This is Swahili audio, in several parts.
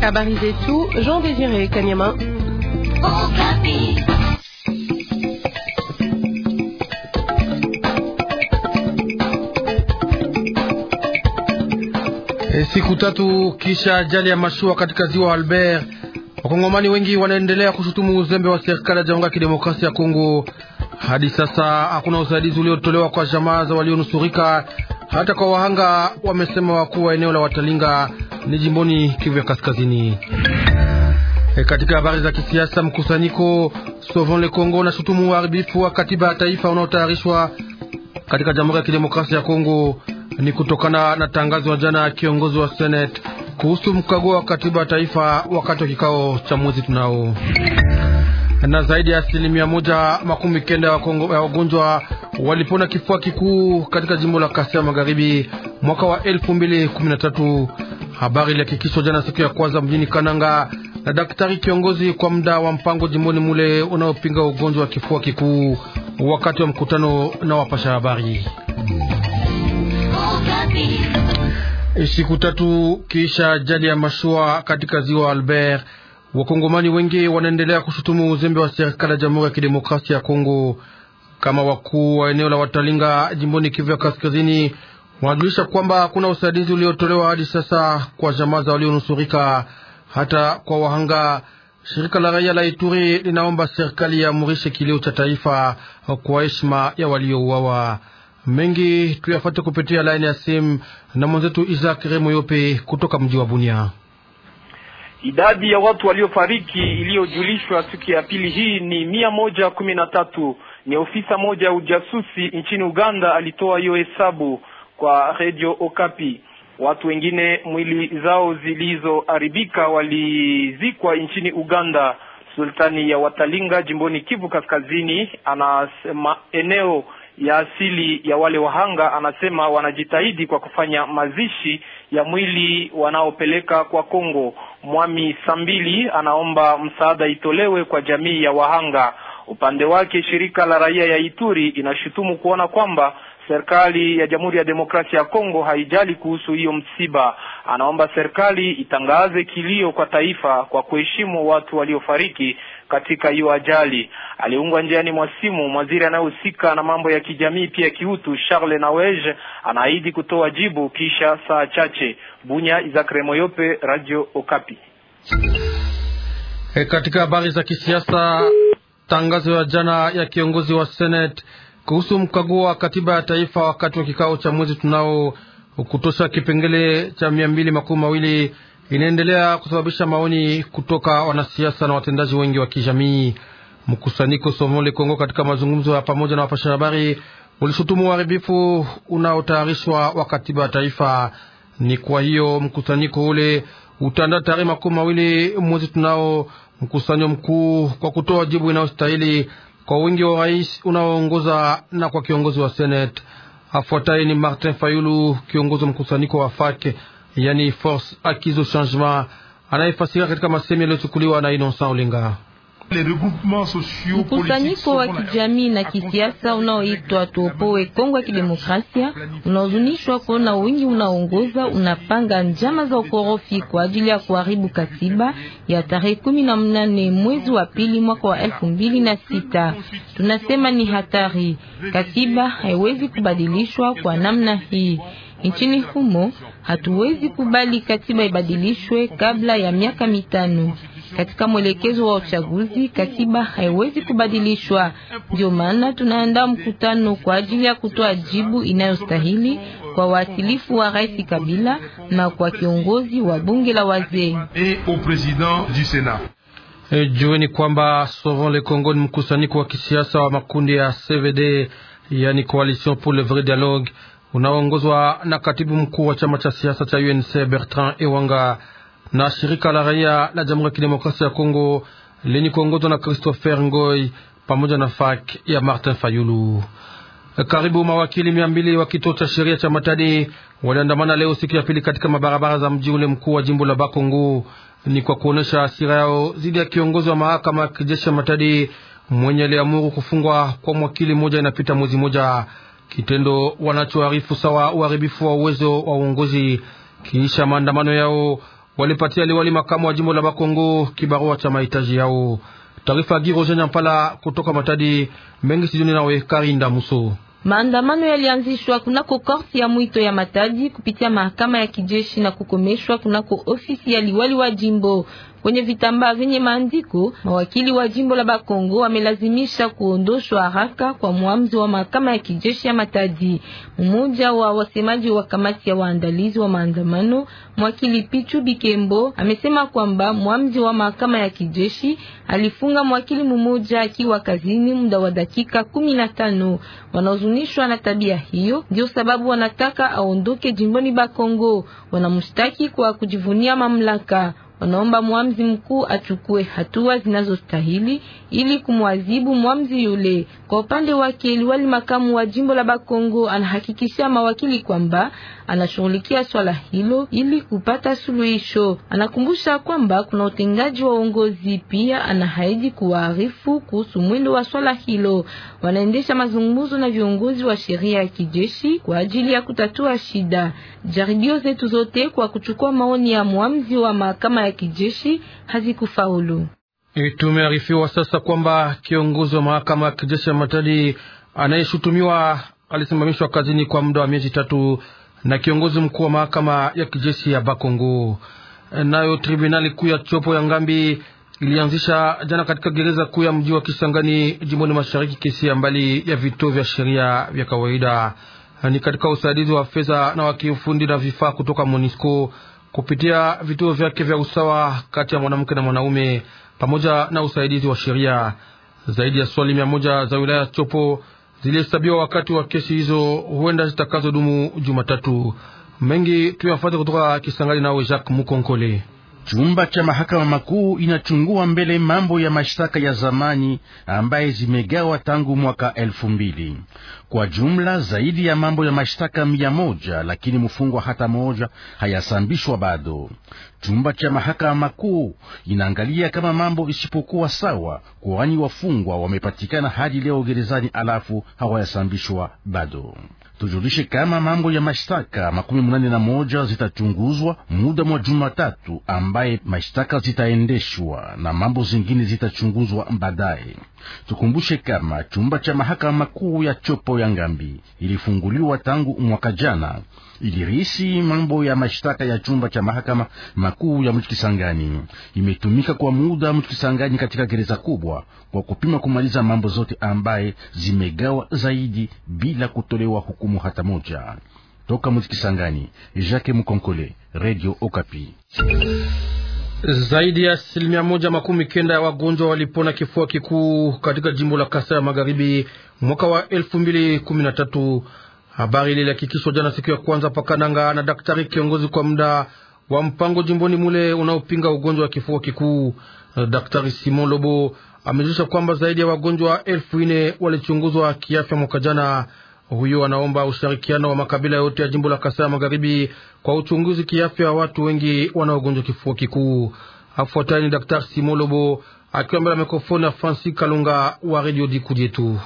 Habari zetu Jean Désiré Kanyama. Okapi. Eh, siku tatu kisha ajali ya mashua katika ziwa Albert, wakongomani wengi wanaendelea kushutumu uzembe wa serikali ya Jamhuri ya Kidemokrasia ya Kongo. Hadi sasa hakuna usaidizi uliotolewa kwa jamaa za walionusurika hata kwa wahanga, wamesema wakuu wa eneo la Watalinga ni jimboni Kivu ya Kaskazini. E, katika habari za kisiasa, mkusanyiko Sauvons le Congo na shutumu uharibifu wa katiba ya taifa unaotayarishwa katika Jamhuri ya Kidemokrasia ya Kongo. Ni kutokana na tangazo la jana ya kiongozi wa Senate kuhusu mkagua wa katiba ya taifa wakati wa kikao cha mwezi tunao. Na zaidi ya asilimia moja makumi kenda ya wagonjwa walipona kifua kikuu katika jimbo la Kasai Magharibi mwaka wa 2013. Habari ilihakikishwa jana siku ya kwanza mjini Kananga na daktari kiongozi kwa muda wa mpango jimboni mule unaopinga ugonjwa wa kifua kikuu wakati wa mkutano na wapasha habari. Siku tatu kisha ajali ya mashua katika ziwa Albert, wakongomani wengi wanaendelea kushutumu uzembe wa serikali ya Jamhuri ya Kidemokrasia ya Kongo kama wakuu wa eneo la Watalinga jimboni Kivu ya Kaskazini wanajulisha kwamba kuna usaidizi uliotolewa hadi sasa kwa jamaa za walionusurika, hata kwa wahanga. Shirika la raia la Ituri linaomba serikali yamurishe kilio cha taifa kwa heshima ya waliouawa. Mengi tuyafuate kupitia laini ya simu na mwenzetu Isaac Remo Yope kutoka mji wa Bunia. Idadi ya watu waliofariki iliyojulishwa siku ya pili hii ni mia moja kumi na tatu. Ni ofisa mmoja ujasusi nchini Uganda alitoa hiyo hesabu kwa Radio Okapi. Watu wengine mwili zao zilizoharibika walizikwa nchini Uganda. Sultani ya Watalinga jimboni Kivu Kaskazini anasema eneo ya asili ya wale wahanga, anasema wanajitahidi kwa kufanya mazishi ya mwili wanaopeleka kwa Kongo. Mwami Sambili anaomba msaada itolewe kwa jamii ya wahanga. Upande wake shirika la raia ya Ituri inashutumu kuona kwamba serikali ya Jamhuri ya Demokrasia ya Kongo haijali kuhusu hiyo msiba. Anaomba serikali itangaze kilio kwa taifa kwa kuheshimu watu waliofariki katika hiyo ajali. Aliungwa njiani mwa simu mwaziri anayehusika na mambo ya kijamii pia kiutu, Charles Nawege anaahidi kutoa jibu kisha saa chache. Bunya, Isaac moyope Radio Okapi. E, katika habari za kisiasa tangazo ya jana ya kiongozi wa Senate kuhusu mkaguo wa katiba ya taifa wakati wa kikao cha mwezi tunao kutosha kipengele cha mia mbili makumi mawili inaendelea kusababisha maoni kutoka wanasiasa na watendaji wengi wa kijamii. Mkusanyiko Somole Kongo katika mazungumzo ya pamoja na wapasha habari ulishutumu uharibifu unaotayarishwa wa katiba ya taifa. Ni kwa hiyo mkusanyiko ule utanda tarehe makumi mawili mwezi tunao mkusanyo mkuu kwa kutoa jibu inayostahili kwa wingi wa rais unaoongoza na kwa kiongozi wa senate. Afuataye ni Martin Fayulu, kiongozi wa mkusanyiko wa FAK yani Force Akizo Changement, anayefasira katika masemi yaliyochukuliwa na Innocent ulinga Mkusanyiko wa kijamii na kisiasa unaoitwa Tuopoe Kongo ya Kidemokrasia unaozunishwa kuona wingi unaongoza unapanga njama za ukorofi kwa ajili ya kuharibu katiba ya tarehe kumi na mnane mwezi wa pili mwaka wa elfu mbili na sita. Tunasema ni hatari, katiba haiwezi kubadilishwa kwa namna hii. Nchini humo hatuwezi kubali katiba ibadilishwe kabla ya miaka mitano. Katika mwelekezo wa uchaguzi, katiba haiwezi kubadilishwa. Ndio maana tunaandaa mkutano kwa ajili ya kutoa jibu inayostahili kwa waasilifu wa Rais Kabila na kwa kiongozi wa bunge la wazee. E e, jueni kwamba Sauvons le Congo ni mkusanyiko wa kisiasa wa makundi ya CVD, yani Coalition pour le vrai dialogue, unaoongozwa na katibu mkuu wa chama cha siasa cha UNC Bertrand Ewanga na shirika la raia la Jamhuri ya Kidemokrasia ya Kongo lenye kuongozwa na Christopher Ngoi pamoja na FAK ya Martin Fayulu. Karibu mawakili mia mbili wa kituo cha sheria cha Matadi waliandamana leo siku ya pili katika mabarabara za mji ule mkuu wa jimbo la Bakongo, ni kwa kuonyesha hasira yao dhidi ya kiongozi wa mahakama ya kijeshi ya Matadi mwenye aliamuru kufungwa kwa mwakili mmoja inapita mwezi moja, kitendo wanachoarifu sawa uharibifu wa uwezo wa uongozi. Kiisha maandamano yao walipatia liwali makamu wa jimbo la Bakongo kibarua cha mahitaji yao. Taarifa Jenya mpala kutoka Matadi, mengi sijuni nawe Karinda Muso. Maandamano yalianzishwa kunako korti ya mwito ya Matadi kupitia mahakama ya kijeshi na kukomeshwa kunako ofisi ya liwali wa jimbo kwenye vitambaa vyenye maandiko. Mawakili wa jimbo la Bakongo wamelazimisha kuondoshwa haraka kwa muamzi wa mahakama ya kijeshi ya Matadi. Mmoja wa wasemaji wa kamati ya waandalizi wa maandamano, mwakili Pichu Bikembo, amesema kwamba muamzi wa mahakama ya kijeshi alifunga mwakili mmoja akiwa kazini muda wa dakika 15. Wanaozunishwa na tabia hiyo ndio sababu wanataka aondoke jimboni Bakongo. Wanamshtaki kwa kujivunia mamlaka. Wanaomba mwamzi mkuu achukue hatua zinazostahili ili kumwadhibu mwamzi yule. Kwa upande wake, liwali makamu wa jimbo la Bakongo anahakikishia mawakili kwamba anashughulikia swala hilo ili kupata suluhisho. Anakumbusha kwamba kuna utengaji wa uongozi, pia anahaidi kuwaarifu kuhusu mwendo wa swala hilo. Wanaendesha mazungumzo na viongozi wa sheria ya kijeshi kwa ajili ya kutatua shida. Jaribio zetu zote kwa kuchukua maoni ya mwamzi wa mahakama ya kijeshi hazikufaulu. Tumearifiwa sasa kwamba kiongozi wa mahakama ya kijeshi ya Matadi anayeshutumiwa alisimamishwa kazini kwa muda wa miezi tatu na kiongozi mkuu wa mahakama ya kijeshi ya Bakongo. Nayo tribunali kuu ya Chopo ya Ngambi ilianzisha jana katika gereza kuu ya mji wa Kisangani jimboni mashariki kesi ya mbali ya vituo vya sheria vya kawaida, ni katika usaidizi wa fedha na wakiufundi na vifaa kutoka MONUSCO kupitia vituo vyake vya usawa kati ya mwanamke na mwanaume pamoja na usaidizi wa sheria. Zaidi ya swali mia moja za wilaya Chopo zilihesabiwa wakati wa kesi hizo, huenda zitakazodumu Jumatatu. Mengi tuyafuate kutoka Kisangani, nawe Jacques Mukonkole. Chumba cha mahakama makuu inachungua mbele mambo ya mashtaka ya zamani ambaye zimegawa tangu mwaka elfu mbili. Kwa jumla zaidi ya mambo ya mashtaka mia moja, lakini mfungwa hata moja hayasambishwa bado. Chumba cha mahakama makuu inaangalia kama mambo isipokuwa sawa, kwani wafungwa wamepatikana hadi leo gerezani alafu hawayasambishwa bado. Tujulishe kama mambo ya mashtaka makumi mnane na moja zitachunguzwa muda mwa Jumatatu, ambaye mashtaka zitaendeshwa na mambo zingine zitachunguzwa baadaye. Tukumbushe kama chumba cha mahakama kuu ya Chopo ya Ngambi ilifunguliwa tangu mwaka jana ilirisi mambo ya mashtaka ya chumba cha mahakama makuu ya mji Kisangani. Imetumika kwa muda mji Kisangani katika gereza kubwa kwa kupima kumaliza mambo zote ambaye zimegawa zaidi bila kutolewa hukumu hata moja. Toka mji Kisangani, Jacques Mukonkole, Radio Okapi. Zaidi ya asilimia moja makumi kenda ya wagonjwa walipona kifua kikuu katika jimbo la kasa ya Magharibi mwaka wa elfu mbili kumi na tatu Habari ile ilihakikishwa jana siku ya kwanza pakananga na daktari kiongozi kwa muda wa mpango jimboni mule unaopinga ugonjwa wa kifua kikuu. Daktari Simon Lobo amejulisha kwamba zaidi ya wagonjwa elfu nne walichunguzwa kiafya mwaka jana. Huyo anaomba ushirikiano wa makabila yote ya jimbo la Kasai Magharibi kwa uchunguzi kiafya watu wengi wanaogonjwa kifua kikuu. Afuatani Daktari Simon Lobo akiwa mbele ya mikrofoni ya Francis Kalunga wa Radio Dikujetu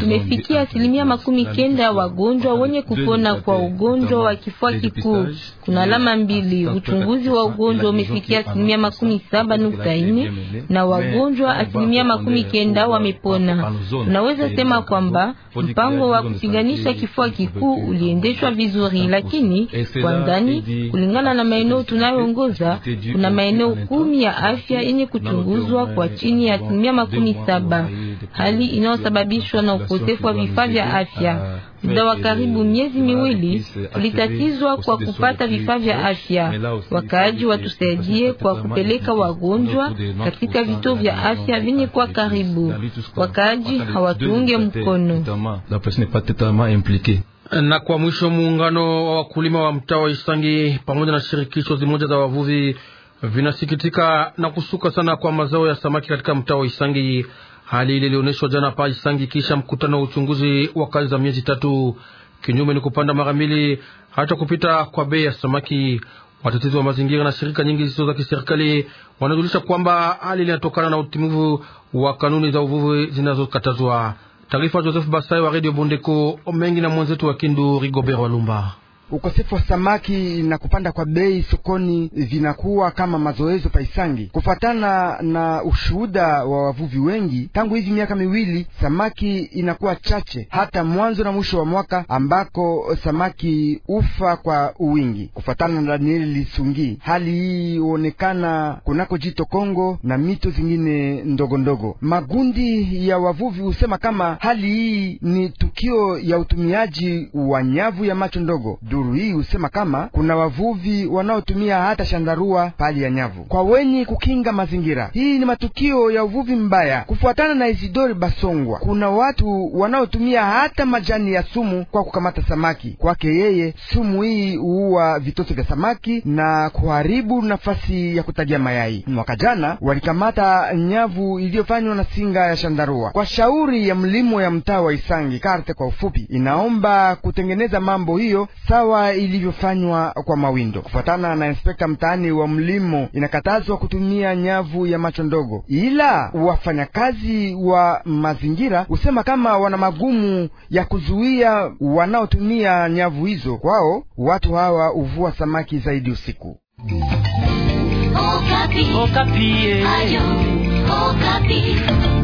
tumefikia asilimia makumi kenda ya wagonjwa wenye kupona kwa ugonjwa wa kifua kikuu. Kuna alama mbili, uchunguzi wa ugonjwa umefikia asilimia makumi saba nukta nne na wagonjwa asilimia makumi kenda wamepona. Tunaweza sema kwamba mpango wa kupiganisha kifua kikuu uliendeshwa vizuri, lakini kwa ndani, kulingana na maeneo tunayoongoza, kuna maeneo kumi ya afya yenye kuchunguzwa kwa chini ya asilimia makumi saba hali inayosababishwa na ukosefu wa vifaa vya afya. Muda wa karibu miezi miwili tulitatizwa kwa kupata vifaa vya afya. Wakaaji watusaidie kwa kupeleka wagonjwa katika vituo vya afya vyenye kwa karibu. Wakaaji hawatuunge mkono na kwa mwisho, muungano wa wakulima wa mtaa wa Isangi pamoja na shirikisho zimoja za wavuvi vinasikitika na kusuka sana kwa mazao ya samaki katika mtaa wa Isangi hali ile ilionyeshwa jana pa Isangi kisha mkutano wa uchunguzi wa kazi za miezi tatu. Kinyume ni kupanda mara mbili hata kupita kwa bei ya samaki. Watetezi wa mazingira na shirika nyingi zisizo za kiserikali wanajulisha kwamba hali linatokana na utimivu wa kanuni za uvuvi zinazokatazwa. Taarifa Joseph Basai wa Radio Bondeko mengi na mwenzetu wa Kindu Rigobert Walumba. Ukosefu wa samaki na kupanda kwa bei sokoni vinakuwa kama mazoezo paisangi. Kufatana na ushuhuda wa wavuvi wengi, tangu hivi miaka miwili samaki inakuwa chache, hata mwanzo na mwisho wa mwaka ambako samaki ufa kwa uwingi. Kufatana na Daniel Lisungi, hali hii huonekana kunako jito Kongo na mito zingine ndogo ndogo. Magundi ya wavuvi husema kama hali hii ni tukio ya utumiaji wa nyavu ya macho ndogo. Duru hii husema kama kuna wavuvi wanaotumia hata shandarua pali ya nyavu kwa wenye kukinga mazingira. Hii ni matukio ya uvuvi mbaya. Kufuatana na Isidori Basongwa, kuna watu wanaotumia hata majani ya sumu kwa kukamata samaki. Kwake yeye, sumu hii huua vitoto vya samaki na kuharibu nafasi ya kutagia mayai. Mwaka jana walikamata nyavu iliyofanywa na singa ya shandarua. Kwa shauri ya mlimo ya mtaa wa Isangi, karte kwa ufupi, inaomba kutengeneza mambo hiyo sawa sawa ilivyofanywa kwa mawindo. Kufuatana na inspekta mtaani wa mlimo, inakatazwa kutumia nyavu ya macho ndogo, ila wafanyakazi wa mazingira husema kama wana magumu ya kuzuia wanaotumia nyavu hizo. Kwao watu hawa huvua samaki zaidi usiku. Okapi. Okapi. Eh. Ayo. Okapi.